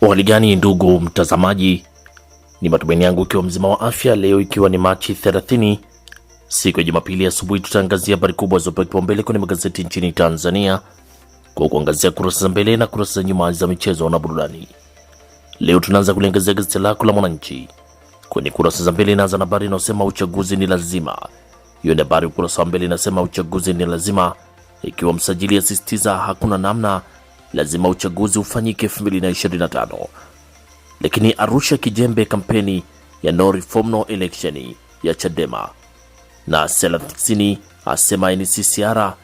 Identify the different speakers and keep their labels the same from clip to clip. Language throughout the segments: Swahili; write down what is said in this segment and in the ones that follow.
Speaker 1: Waligani ndugu mtazamaji, ni matumaini yangu ikiwa mzima wa afya. Leo ikiwa ni Machi 30 siku ya Jumapili asubuhi, tutaangazia habari kubwa zilizopewa kipaumbele kwenye magazeti nchini Tanzania kwa kuangazia kurasa za mbele na kurasa za nyuma za michezo na burudani. Leo tunaanza kuliangazia gazeti lako la Mwananchi kwenye kurasa za mbele, inaanza na habari inayosema uchaguzi ni lazima. Hiyo ni habari ukurasa wa mbele inasema uchaguzi ni lazima, ikiwa msajili asisitiza hakuna namna lazima uchaguzi ufanyike 2025, lakini Arusha kijembe kampeni ya no reform no election ya Chadema na Selahattin asema NCCR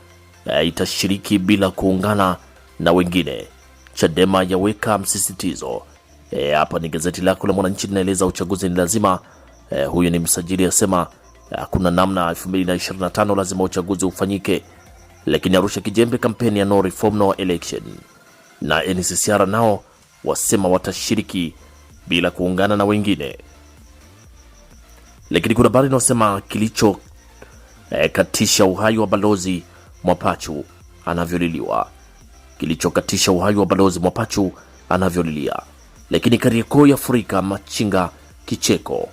Speaker 1: itashiriki bila kuungana na wengine. Chadema yaweka msisitizo e, hapa. E, ni gazeti lako la Mwananchi linaeleza uchaguzi ni lazima. E, huyu ni msajili asema hakuna namna, 2025 lazima uchaguzi ufanyike, lakini Arusha kijembe kampeni ya no reform no election na NCCR nao wasema watashiriki bila kuungana na wengine, lakini kuna habari inayosema kilicho eh, katisha uhai wa balozi Mwapachu anavyoliliwa kilichokatisha uhai wa balozi Mwapachu anavyolilia. Lakini Kariakoo yafurika machinga kicheko.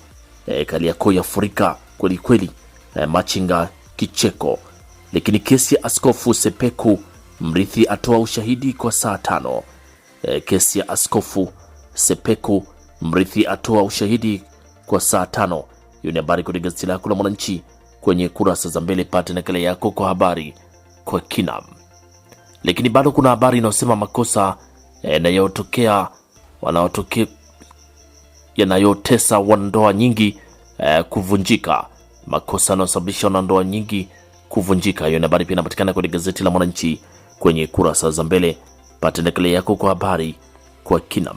Speaker 1: E, Kariakoo yafurika kweli kweli, eh, machinga kicheko. Lakini kesi ya askofu Sepeku Mrithi atoa ushahidi kwa saa tano. E, kesi ya Askofu Sepeku. Mrithi atoa ushahidi kwa saa tano. Hiyo ni habari kwenye gazeti lako la Mwananchi kwenye kurasa za mbele. Pate nakala yako kwa habari kwa kina. Lakini bado kuna habari inayosema makosa e, yanayotokea wanaotokea yanayotesa wanandoa nyingi e, kuvunjika. Makosa yanayosababisha wanandoa nyingi kuvunjika. Hiyo ni habari pia inapatikana kwenye gazeti la Mwananchi kwenye kurasa za mbele. Pata nakala yako kwa habari kwa kina.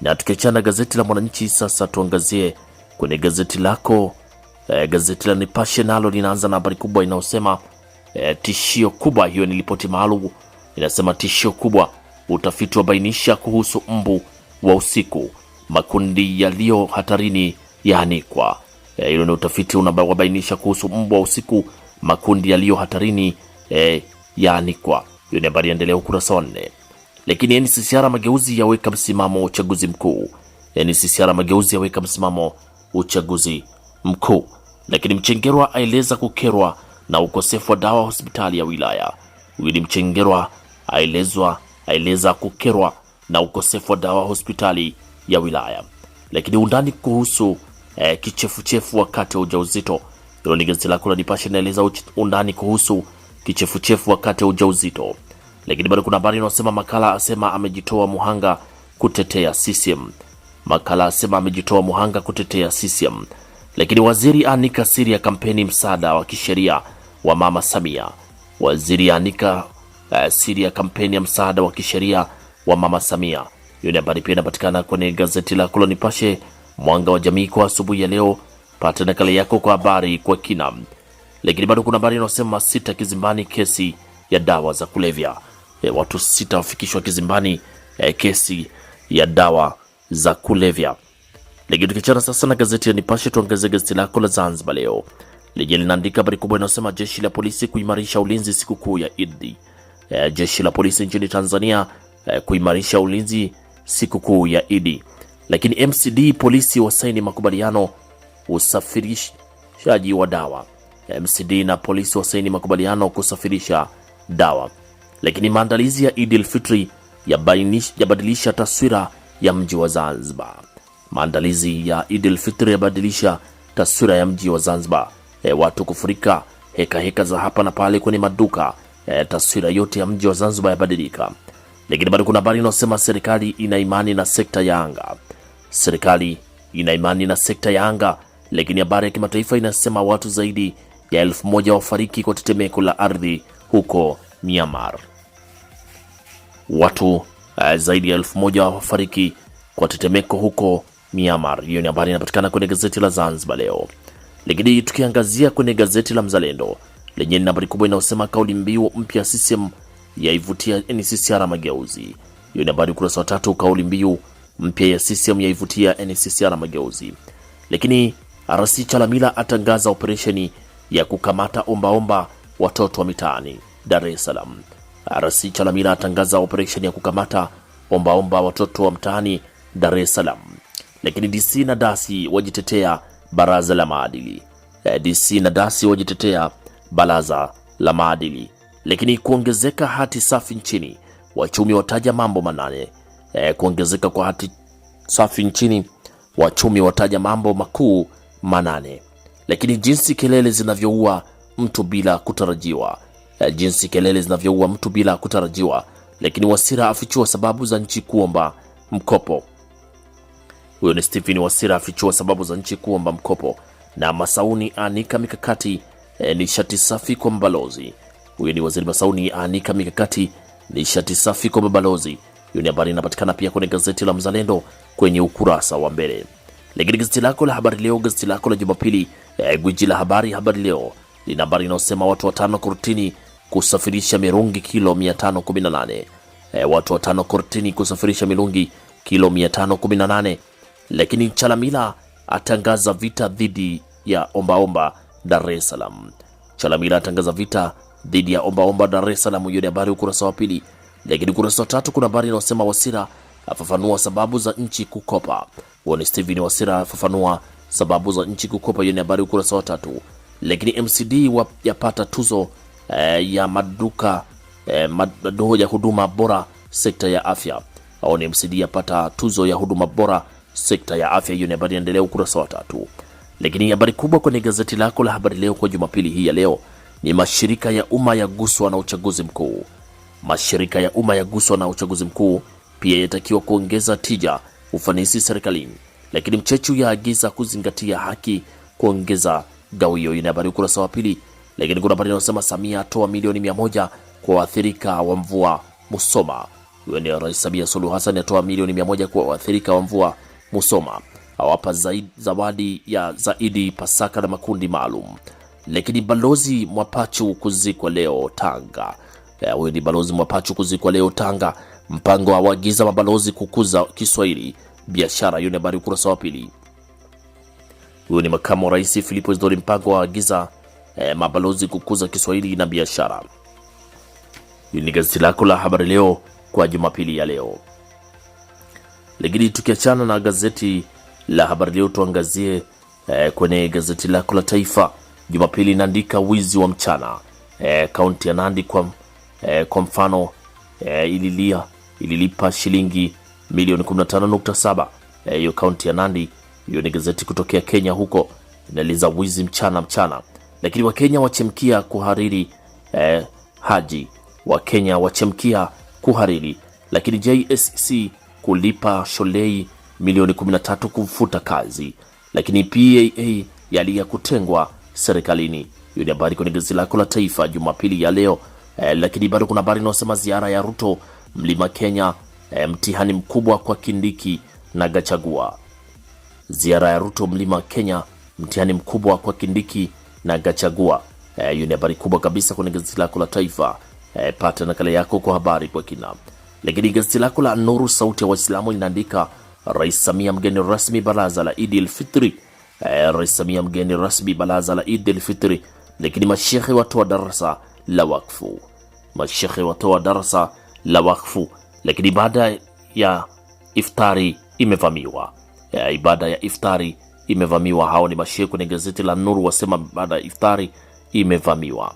Speaker 1: Na tukiachana gazeti la Mwananchi, sasa tuangazie kwenye gazeti lako eh, gazeti la Nipashe nalo linaanza na habari kubwa inayosema eh, tishio kubwa. Hiyo ni ripoti maalum inasema tishio kubwa, utafiti wabainisha kuhusu mbu wa usiku, makundi yaliyo hatarini yaanikwa. Eh, hilo eh, ni utafiti unabainisha kuhusu mbu wa usiku, makundi yaliyo hatarini eh, yaanikwa hiyo ni habari inaendelea ukurasa wa nne. Lakini NCCR Mageuzi yaweka msimamo uchaguzi mkuu. NCCR Mageuzi yaweka msimamo uchaguzi mkuu. Lakini Mchengerwa aeleza kukerwa na ukosefu wa dawa hospitali ya wilaya. Huyu ni Mchengerwa aelezwa aeleza kukerwa na ukosefu wa dawa hospitali ya wilaya. Lakini undani kuhusu eh, kichefuchefu wakati wa ujauzito. Hilo ni gazeti lako la Nipashe, inaeleza undani kuhusu kichefuchefu wakati wa ujauzito. Lakini bado kuna habari inayosema Makala asema amejitoa muhanga kutetea CCM. Makala asema amejitoa muhanga kutetea CCM. Lakini waziri anika siri ya kampeni msaada wa kisheria wa mama Samia. Waziri anika uh, eh, siri ya kampeni ya msaada wa kisheria wa mama Samia. Hiyo ni habari pia inapatikana kwenye gazeti la Nipashe, mwanga wa jamii, kwa asubuhi ya leo. Pata nakala yako kwa habari kwa kinam. Lakini bado kuna habari inayosema sita kizimbani, kesi ya dawa za kulevya. E, watu sita wafikishwa kizimbani, e, kesi ya dawa za kulevya. Lakini tukichana sasa na gazeti ya Nipashe, tuangazie gazeti lako la Zanzibar Leo lenye linaandika habari kubwa inayosema jeshi la polisi kuimarisha ulinzi sikukuu ya Idi. E, jeshi la polisi nchini Tanzania e, kuimarisha ulinzi sikukuu ya Idi. Lakini MCD polisi wasaini makubaliano usafirishaji wa dawa MCD na polisi wasaini makubaliano kusafirisha dawa. Lakini maandalizi ya Idil Fitri yabadilisha taswira ya mji wa Zanzibar. Maandalizi ya Idil Fitri yabadilisha taswira ya mji wa Zanzibar. E, watu kufurika heka heka za hapa na pale kwenye maduka e, taswira yote ya mji wa Zanzibar yabadilika. Lakini bado kuna habari inayosema serikali ina imani na sekta ya anga. Serikali ina imani na sekta ya anga, lakini habari ya kimataifa inasema watu zaidi ya elfu moja wafariki kwa tetemeko la ardhi huko Myanmar. Watu uh, zaidi ya elfu moja wafariki kwa tetemeko huko Myanmar. Hiyo ni habari inapatikana kwenye gazeti la Zanzibar Leo. Lakini tukiangazia kwenye gazeti la Mzalendo lenye habari kubwa inayosema kauli mbiu mpya CCM yaivutia NCCR yaani mageuzi. Hiyo ni habari ukurasa wa tatu, kauli mbiu mpya ya CCM yaivutia NCCR yaani mageuzi. Lakini RC Chalamila atangaza operesheni ya kukamata ombaomba omba watoto wa mitaani Dar es Salaam. RC Chalamila atangaza operation ya kukamata ombaomba omba watoto wa mtaani Dar es Salaam, lakini DC na dasi wajitetea baraza la maadili. Eh, DC na dasi wajitetea baraza la maadili. Lakini kuongezeka hati safi nchini, wachumi wataja mambo manane. Eh, kuongezeka kwa hati safi nchini, wachumi wataja mambo makuu manane lakini jinsi kelele zinavyoua mtu bila kutarajiwa, eh, jinsi kelele zinavyoua mtu bila kutarajiwa. Lakini Wasira afichua sababu za nchi kuomba mkopo. Huyo ni Stephen Wasira afichua sababu za nchi kuomba mkopo, na Masauni anika mikakati e, ni shati safi kwa mabalozi. Huyo ni waziri Masauni anika mikakati ni shati safi kwa mabalozi. Hiyo ni habari inapatikana pia kwenye gazeti la Mzalendo kwenye ukurasa wa mbele. Lakini gazeti lako la Habari Leo, gazeti lako la Jumapili Eh, gwiji la habari Habari Leo lina habari inayosema watu watano kortini kusafirisha mirungi kilo 518. E, eh, watu watano kortini kusafirisha mirungi kilo 518. Lakini Chalamila atangaza vita dhidi ya ombaomba Dar es Salaam. Chalamila atangaza vita dhidi ya ombaomba Dar es Salaam. Hiyo ni habari ukurasa wa pili, lakini ukurasa wa tatu kuna habari inayosema Wasira afafanua sababu za nchi kukopa. Huo ni Steven Wasira afafanua sababu za nchi kukopa. Hiyo ni habari ukurasa wa tatu. Lakini MCD yapata tuzo eh, ya maduka eh, madoho ya huduma bora sekta ya afya au ni MCD yapata tuzo ya huduma bora sekta ya afya. Hiyo ni habari inaendelea ukurasa wa tatu. Lakini habari kubwa kwenye gazeti lako la habari leo kwa Jumapili hii ya leo ni mashirika ya umma yaguswa na uchaguzi mkuu. Mashirika ya umma yaguswa na uchaguzi mkuu, pia yatakiwa kuongeza tija ufanisi serikalini lakini Mchechu yaagiza kuzingatia haki kuongeza gawio. Ina habari ukurasa wa pili, lakini kuna habari inayosema Samia atoa milioni mia moja kwa waathirika wa mvua Musoma. Huyo ni Rais Samia Suluhu Hassan atoa milioni mia moja kwa waathirika wa mvua Musoma, awapa zaidi zawadi ya zaidi Pasaka na makundi maalum. Lakini Balozi Mwapachu kuzikwa leo Tanga. Eh, huyo ni Balozi Mwapachu kuzikwa leo Tanga. Mpango awaagiza mabalozi kukuza Kiswahili biashara. Hiyo ni habari ukurasa wa pili. Huyo ni makamu wa rais Filipo Isdori Mpango waagiza eh, mabalozi kukuza Kiswahili na biashara. Hili ni gazeti lako la habari leo kwa Jumapili ya leo. Lakini tukiachana na gazeti la habari leo tuangazie eh, kwenye gazeti lako la Taifa Jumapili inaandika wizi wa mchana eh, kaunti ya Nandi kwa, eh, kwa mfano eh, ililia ililipa shilingi milioni 15.7. Eh, hiyo kaunti ya Nandi, hiyo ni gazeti kutokea Kenya huko, inaeleza wizi mchana mchana, lakini Wakenya wachemkia kuhariri eh, haji Wakenya wachemkia kuhariri. Lakini JSC kulipa Sholei milioni 13 kumfuta kazi, lakini PAA yalia kutengwa serikalini. Hiyo ni habari kwenye gazeti lako la Taifa Jumapili ya leo eh, lakini bado kuna habari inayosema ziara ya Ruto mlima Kenya e, mtihani mkubwa kwa Kindiki na Gachagua. Ziara ya Ruto mlima Kenya, mtihani mkubwa kwa Kindiki na Gachagua. Eh, hiyo e, ni habari kubwa kabisa kwenye gazeti lako la Taifa. E, pata nakala yako kwa habari kwa kina. Lakini gazeti lako la Nuru Sauti ya Waislamu linaandika Rais Samia mgeni rasmi baraza la Idi el-Fitri. E, Rais Samia mgeni rasmi baraza la Idi el-Fitri. Lakini mashehe watoa darasa la wakfu, mashehe watoa darasa la wakfu lakini ibada ya iftari imevamiwa. Ya ibada ya iftari imevamiwa. Hao ni mashehe kwenye gazeti la Nuru wasema ibada ya iftari imevamiwa.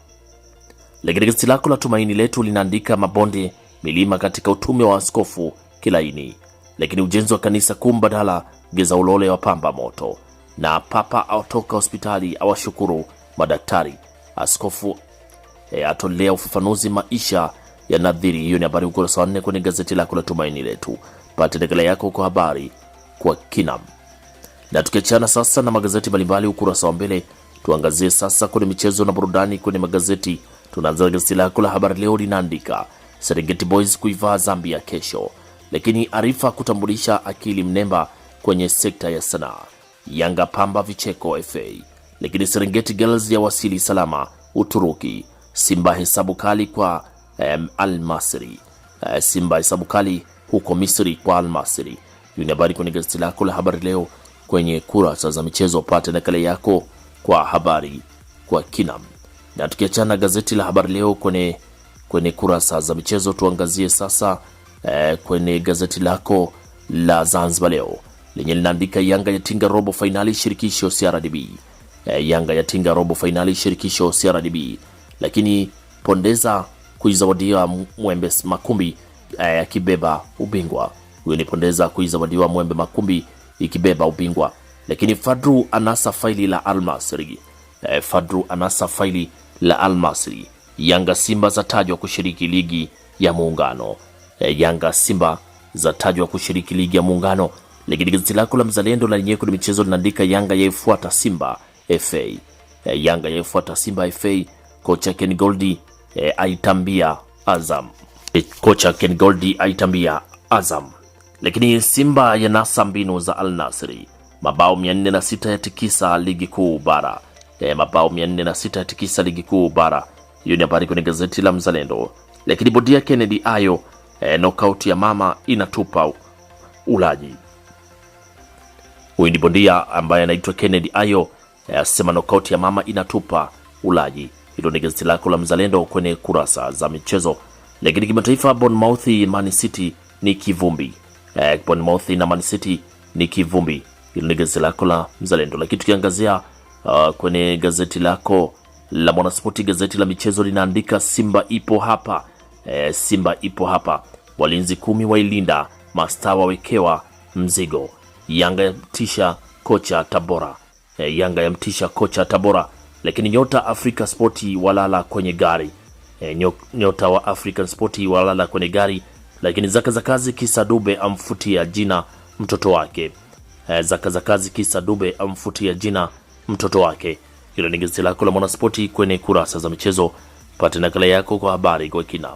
Speaker 1: Lakini gazeti lako la Tumaini Letu linaandika mabonde milima katika utume wa askofu Kilaini, lakini ujenzi wa kanisa kuu mbadala geza ulole wa pamba moto, na papa atoka hospitali awashukuru madaktari. Askofu e, atolea ufafanuzi maisha ya nadhiri. Hiyo ni habari ukurasa wa nne kwenye gazeti lako la Tumaini Letu, pate nakala yako kwa habari kwa kina. Na tukiachana sasa na magazeti mbalimbali ukurasa wa mbele, tuangazie sasa kwenye michezo na burudani kwenye magazeti. Tunaanza na gazeti lako la Habari Leo linaandika Serengeti Boys kuivaa Zambia kesho, lakini Arifa kutambulisha akili mnemba kwenye sekta ya sanaa. Yanga pamba vicheko FA, lakini Serengeti Girls ya wasili salama Uturuki. Simba hesabu kali kwa um, Almasri. Uh, Simba hesabu kali huko Misri kwa Almasri. Hiyo ni habari kwenye gazeti lako la habari leo kwenye kurasa za michezo, pata nakala yako kwa habari kwa kina. Na tukiachana gazeti la habari leo kwenye, kwenye kurasa za michezo, tuangazie sasa eh, kwenye gazeti lako la Zanzibar leo lenye linaandika Yanga yatinga robo fainali shirikisho CRDB. Eh, Yanga yatinga robo fainali shirikisho CRDB, lakini pondeza kuizawadiwa Mwembe Makumbi akibeba eh, ubingwa. Huyo ni Pondeza kuizawadiwa Mwembe Makumbi ikibeba ubingwa, lakini Fadru anasa faili la Almasri. Eh, Fadru anasa faili la Almasri. Yanga Simba zatajwa kushiriki ligi ya Muungano. Eh, Yanga Simba zatajwa kushiriki ligi ya Muungano. Lakini gazeti lako la Mzalendo la lenyewe kwenye michezo linaandika Yanga yaifuata Simba FA. Eh, Yanga yaifuata Simba FA. Kocha Ken Goldi e, aitambia Azam. E, kocha Ken Goldi aitambia Azam. Lakini Simba ya nasa mbinu za Al Nasri, mabao 406 ya tikisa ligi kuu bara e, mabao 406 ya tikisa ligi kuu bara. Hiyo ni habari kwenye gazeti la Mzalendo. Lakini bodi ya Kennedy ayo e, knockout ya mama inatupa ulaji. Huyu ni bondia ambaye anaitwa Kennedy Ayo e, asema nokauti ya mama inatupa ulaji. Hilo ni gazeti lako la Mzalendo kwenye kurasa za michezo. Lakini kimataifa, Bournemouth Man City ni kivumbi. Eh, Bournemouth na Man City ni kivumbi. Hilo ni gazeti lako la Mzalendo. Lakini tukiangazia uh, kwenye gazeti lako la Mwanaspoti, gazeti la michezo linaandika Simba ipo hapa. Eh, Simba ipo hapa. Walinzi kumi wailinda, mastaa wawekewa mzigo. Yanga yamtisha kocha Tabora. Eh, Yanga yamtisha kocha Tabora lakini nyota Africa Sporti walala kwenye gari e, nyota wa African Sporti walala kwenye gari, lakini zaka za kazi kisa Dube amfutia jina mtoto wake e, zaka za kazi kisa Dube amfutia jina mtoto wake. Hilo ni gazeti lako la Mwanaspoti kwenye kurasa za michezo, pate nakala yako kwa habari kwa kina.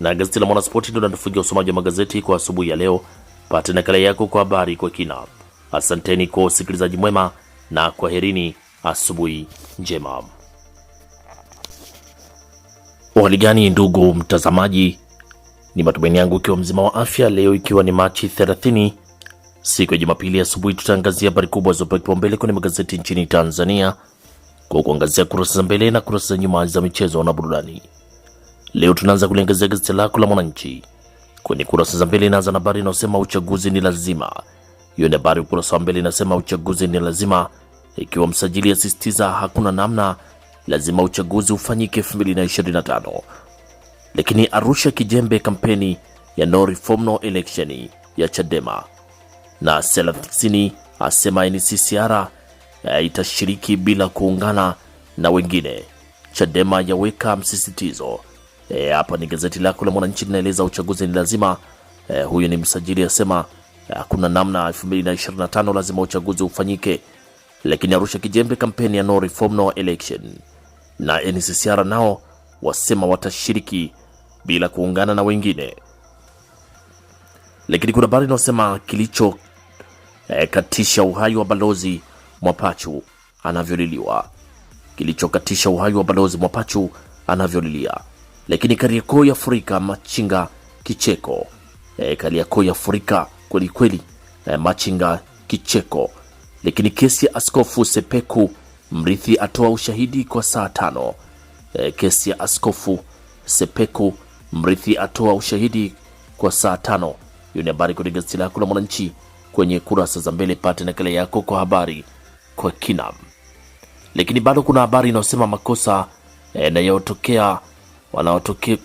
Speaker 1: Na gazeti la Mwanaspoti ndio linatufungia usomaji wa magazeti kwa asubuhi ya leo. Pate nakala yako kwa habari kwa kina. Asanteni kwa usikilizaji mwema na kwaherini asubuhi njema. Hali gani ndugu mtazamaji, ni matumaini yangu ikiwa mzima wa afya. Leo ikiwa ni Machi 30 siku ya Jumapili asubuhi, tutaangazia habari kubwa zilizopewa kipaumbele kwenye magazeti nchini Tanzania kwa kuangazia kurasa za mbele na kurasa za nyuma za michezo na burudani. Leo tunaanza kuliangazia gazeti lako la Mwananchi kwenye kurasa za mbele, inaanza na habari inayosema uchaguzi ni lazima. Hiyo ni habari ukurasa wa mbele inasema uchaguzi ni lazima ikiwa msajili asisitiza hakuna namna, lazima uchaguzi ufanyike 2025. Lakini Arusha kijembe kampeni ya no reform no election ya Chadema na Selathini asema NCCR itashiriki bila kuungana na wengine. Chadema yaweka msisitizo e, hapa. E, ni gazeti lako la Mwananchi linaeleza uchaguzi ni lazima. E, huyu ni msajili asema hakuna namna, 2025 lazima uchaguzi ufanyike lakini Arusha Kijembe kampeni ya no reform no election, na NCCR nao wasema watashiriki bila kuungana na wengine, lakini kuna habari inayosema kilicho eh, katisha uhai wa balozi Mwapachu anavyoliliwa, kilichokatisha uhai wa balozi Mwapachu anavyolilia. Lakini Kariakoo yafurika machinga kicheko, eh, Kariakoo yafurika kweli kweli, eh, machinga kicheko lakini kesi ya Askofu Sepeku, mrithi atoa ushahidi kwa saa tano. E, kesi ya Askofu Sepeku, mrithi atoa ushahidi kwa saa tano. Hiyo ni habari kwenye gazeti lako la Mwananchi kwenye kurasa za mbele, pate nakala yako kwa habari kwa kina. Lakini bado kuna habari inayosema makosa eh, yanayotokea e, wanaotokea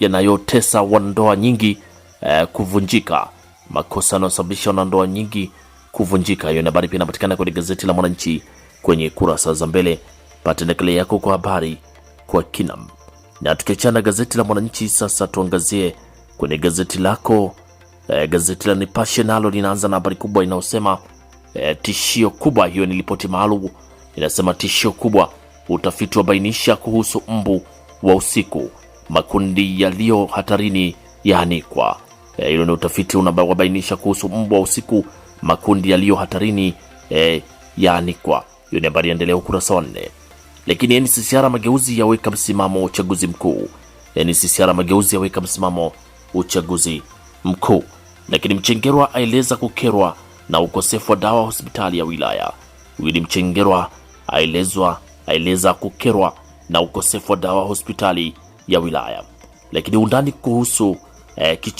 Speaker 1: yanayotesa wanandoa nyingi e, kuvunjika. Makosa yanayosababisha wanandoa nyingi kuvunjika. Hiyo ni habari pia inapatikana kwenye gazeti la Mwananchi kwenye kurasa za mbele. Pata nakala yako kwa habari kwa kinam. Na tukiachana gazeti la Mwananchi, sasa tuangazie kwenye gazeti lako eh, gazeti la Nipashe nalo linaanza na habari kubwa inayosema eh, tishio kubwa. Hiyo ni ripoti maalum inasema tishio kubwa, utafiti wabainisha kuhusu mbu wa usiku, makundi yaliyo hatarini yaanikwa. Eh, hilo eh, ni utafiti unabainisha kuhusu mbu wa usiku makundi yaliyo hatarini e, eh, yaanikwa. Hiyo ni habari endelea ukurasa wa nne. Lakini NCCR Mageuzi yaweka msimamo uchaguzi mkuu. NCCR Mageuzi yaweka msimamo uchaguzi mkuu. Lakini Mchengerwa aeleza kukerwa na ukosefu wa dawa hospitali ya wilaya. Wili Mchengerwa aelezwa aeleza kukerwa na ukosefu wa dawa hospitali ya wilaya. Lakini undani kuhusu eh,